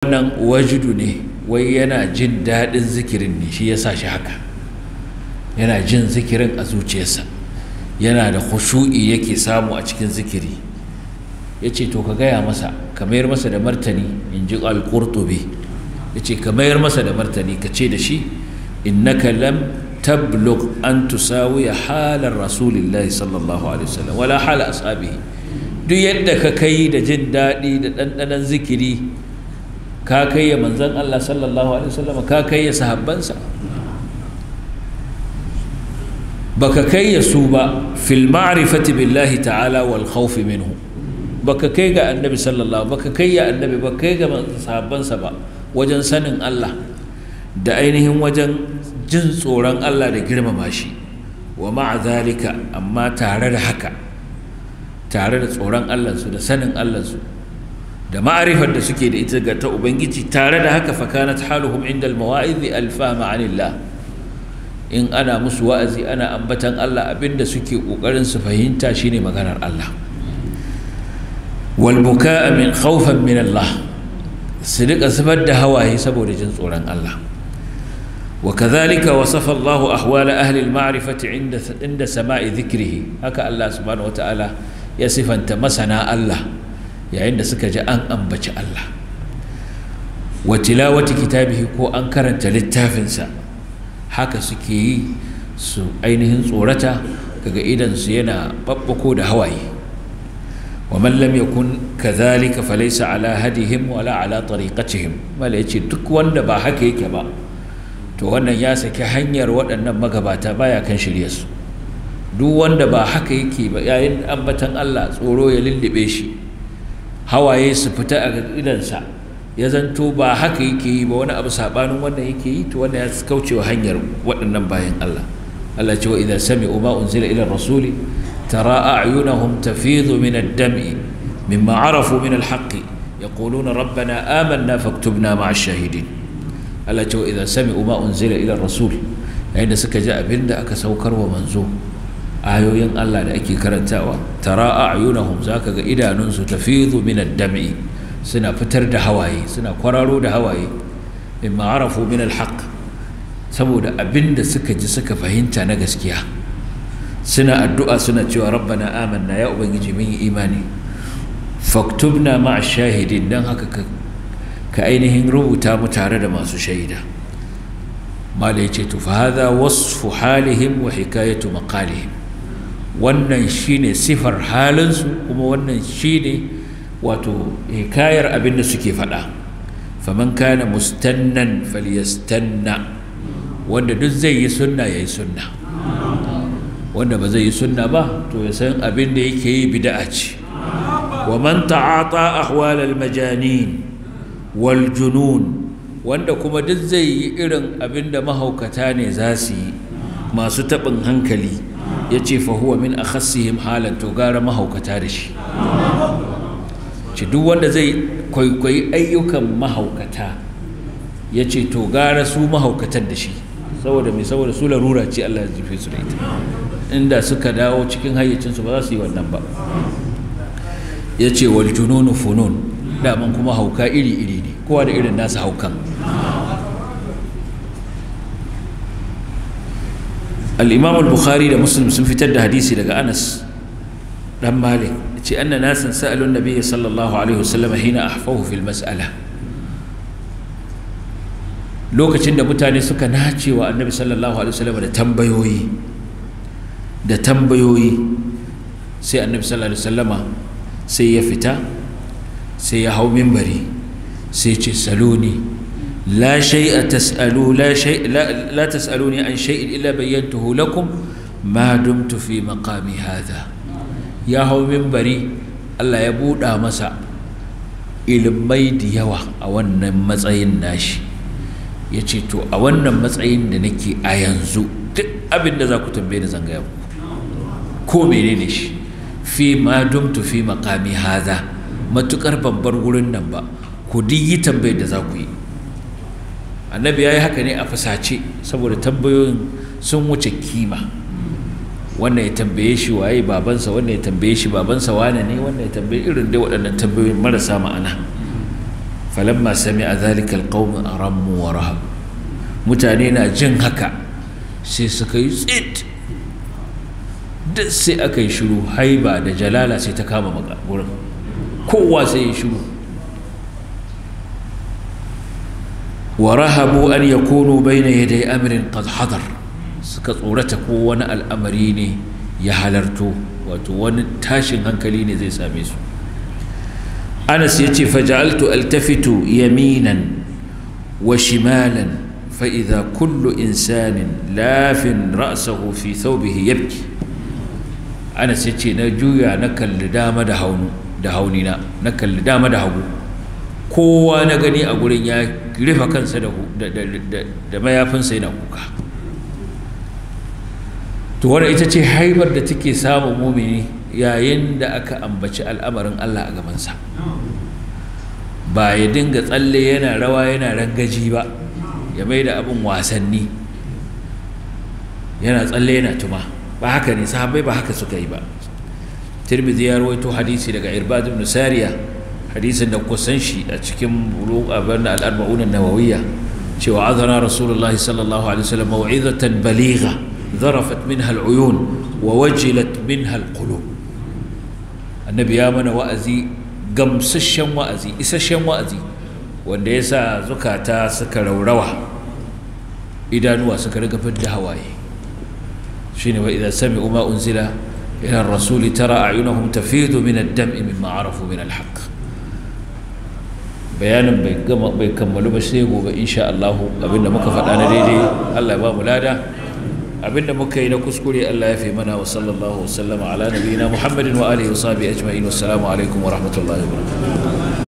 wannan wajidu ne wai yana jin daɗin zikirin ne shi ya sa shi haka yana jin zikirin a zuciyarsa yana da khushu'i yake samu a cikin zikiri ya ce to ka gaya masa ka mayar masa da martani in ji alƙurtubi ya ce ka mayar masa da martani ka ce da shi innaka lam tablug an tusawiya halar rasulillahi sallallahu alaihi wasallam wala hala ashabihi duk yadda ka kai da jin daɗi da ɗanɗanon zikiri ka kai ya manzan Allah sallallahu alaihi wasallam ka kai ya sahabbansa ka kai ya su ba fil ma'rifati billahi ta'ala wal khawf minhu ba ka kai ga annabi sallallahu ka kai ya annabi baka kai ga sahabbansa ba wajen sanin Allah da ainihin wajen jin tsoron Allah da girmama shi wa ma'a zalika amma tare da haka tare da tsoron Allah su da sanin Allah su da ma'arifar da suke da ita ga ta ubangiji tare da haka fakanat haluhum inda almawa'izi alfahma anillah in ana musu wa'azi ana ambatan Allah abinda suke kokarin su fahimta shine maganar Allah wal bukaa min khawfan min Allah su rika zubar da hawaye saboda jin tsoron Allah وكذلك وصف الله أحوال أهل المعرفة عند sama'i سماع haka allah الله ya sifanta masana' Allah. yayin da suka ji an ambaci Allah wa tilawati kitabihi ko an karanta littafinsa haka suke yi su ainihin tsorata kaga idan su yana babbako da hawaye wa man lam yakun ka falaysa ala hadihim wala ala tariqatihim mala yace duk wanda ba haka yake ba to wannan ya saki hanyar waɗannan magabata baya kan shirya su duk wanda ba haka yake ba yayin ambatan Allah tsoro ya lullube shi hawaye su fita a idansa ya zanto ba haka yake yi ba wani abu saɓanin wannan yake yi to wannan ya kaucewa hanyar waɗannan bayan Allah Allah ce wa idan sami'u ma unzila ila rasuli tara a'yunahum tafidhu min ad-dam'i min arafu min al ya yaquluna rabbana amanna faktubna ma'a shahidin Allah ce wa idan sami ma unzila ila rasuli yayin da suka ji abinda aka saukar wa manzo ayoyin Allah da ake karantawa tara a'yunahum zaka ga idanunsu tafizu min dami suna fitar da hawaye suna kwararo da hawaye imma arafu min alhaq saboda abinda suka ji suka fahimta na gaskiya suna addu'a suna cewa rabbana amanna ya ubangiji mun imani faktubna ma'a shahidin dan haka ka ainihin rubuta mu tare da masu shaida malai ce to fa hadha wasfu halihim wa hikayatu maqalihim wannan shine sifar halinsu kuma wannan shine wato hikayar abin da suke faɗa faman kana mustannan falyastanna wanda duk zai yi sunna ya yi sunna wanda ba zai yi sunna ba to ya san abin da yake yi bida'a ce wa man ta'ata ahwalal majanin wal junun wanda kuma duk zai yi irin abin da mahaukata ne za su yi masu taɓin hankali ya ce fahuwa min a khassihim halar to gara mahaukata da shi ci duk wanda zai kwaikwayi ayyukan mahaukata ya ce to gara su mahaukatan da shi saboda mai saboda su larura ce Allah ya jefe su da ita inda suka dawo cikin hayyacinsu ba za su yi wannan ba ya ce wal jununu funun daman kuma hauka iri iri ne kowa da irin nasu haukan al-imam al da muslim sun fitar da hadisi daga anas dan malik ce anna nasan sa'alu an-nabiy sallallahu alaihi wasallam hina ahfahu fil mas'ala lokacin da mutane suka nahacewa wa annabi sallallahu alaihi wasallam da tambayoyi da tambayoyi sai annabi sallallahu alaihi wasallama sai ya fita sai ya hau mimbari sai ce saloni لا شيء تسألوا لا شيء لا, لا تسألوني عن شيء إلا بينته لكم ما دمت في مقامي هذا يا هو ilimai da yawa a wannan matsayin nashi ya ce to a wannan matsayin da nake a yanzu duk abin da za ku tambaye da zanga yau ko menene shi fi ma dumtu fi makami haza matukar babbar gurin nan ba ku duk yi tambayar da za ku yi annabi ya yi haka ne a fasace saboda tambayoyin sun wuce kima wannan ya tambaye shi waye babansa wannan ya tambaye shi babansa wane ne wannan ya tambaye irin dai waɗannan tambayoyin marasa ma'ana falamma sami a zalika alqawm wa rahab mutane na jin haka sai suka yi tsit duk sai aka yi shiru haiba da jalala sai ta kama wurin kowa sai ya shiru wa rahabu an yakunu bayna yaday amrin qad hadar suka tsorata ko wani al'amari ne ya halarto wato wani tashin hankali ne zai same su anas ya ce faja'altu altafitu yaminan wa shimalan fa'iza kullu insanin lafin ra'sahu sau thawbihi yabki anas ya ce na juya na kalli dama da haunu na kalli dama da hagu kowa na gani a gurin ya rufe kansa da mayafinsa yana kuka to wadda ita ce haibar da take samun mumini yayin da aka ambaci al'amarin allah a gabansa ba ya dinga tsalle yana rawa yana rangaji ba ya mai da abin wasanni yana tsalle yana tuma ba haka ne sahabbai ba haka suka yi ba tirmidhi ya rawaito hadisi daga irbad ibn sariya hadisin da kusan shi a cikin abin al'arba'unan nawawiya cewa azana rasulullahi sallallahu alaihi wasallam mau'izatan baligha zarafat min al'uyun wa wajilat min alqulub annabi ya mana wa'azi gamsasshen wa'azi isasshen wa'azi wanda ya sa zukata suka raurawa idanuwa suka riga da hawaye shine wa idan sami ma unzila ila rasuli tara a'yunahum tafidu min ad-dam'i mimma arafu min al bayanin bai gama bai kammalu ba sai gobe insha Allah abinda muka faɗa na daidai Allah ya ba mu lada abinda muka yi na kuskure Allah ya fi mana wa sallallahu wasallama ala nabiyina Muhammadin wa alihi wa sahbihi ajma'in wassalamu alaikum wa rahmatullahi wa barakatuh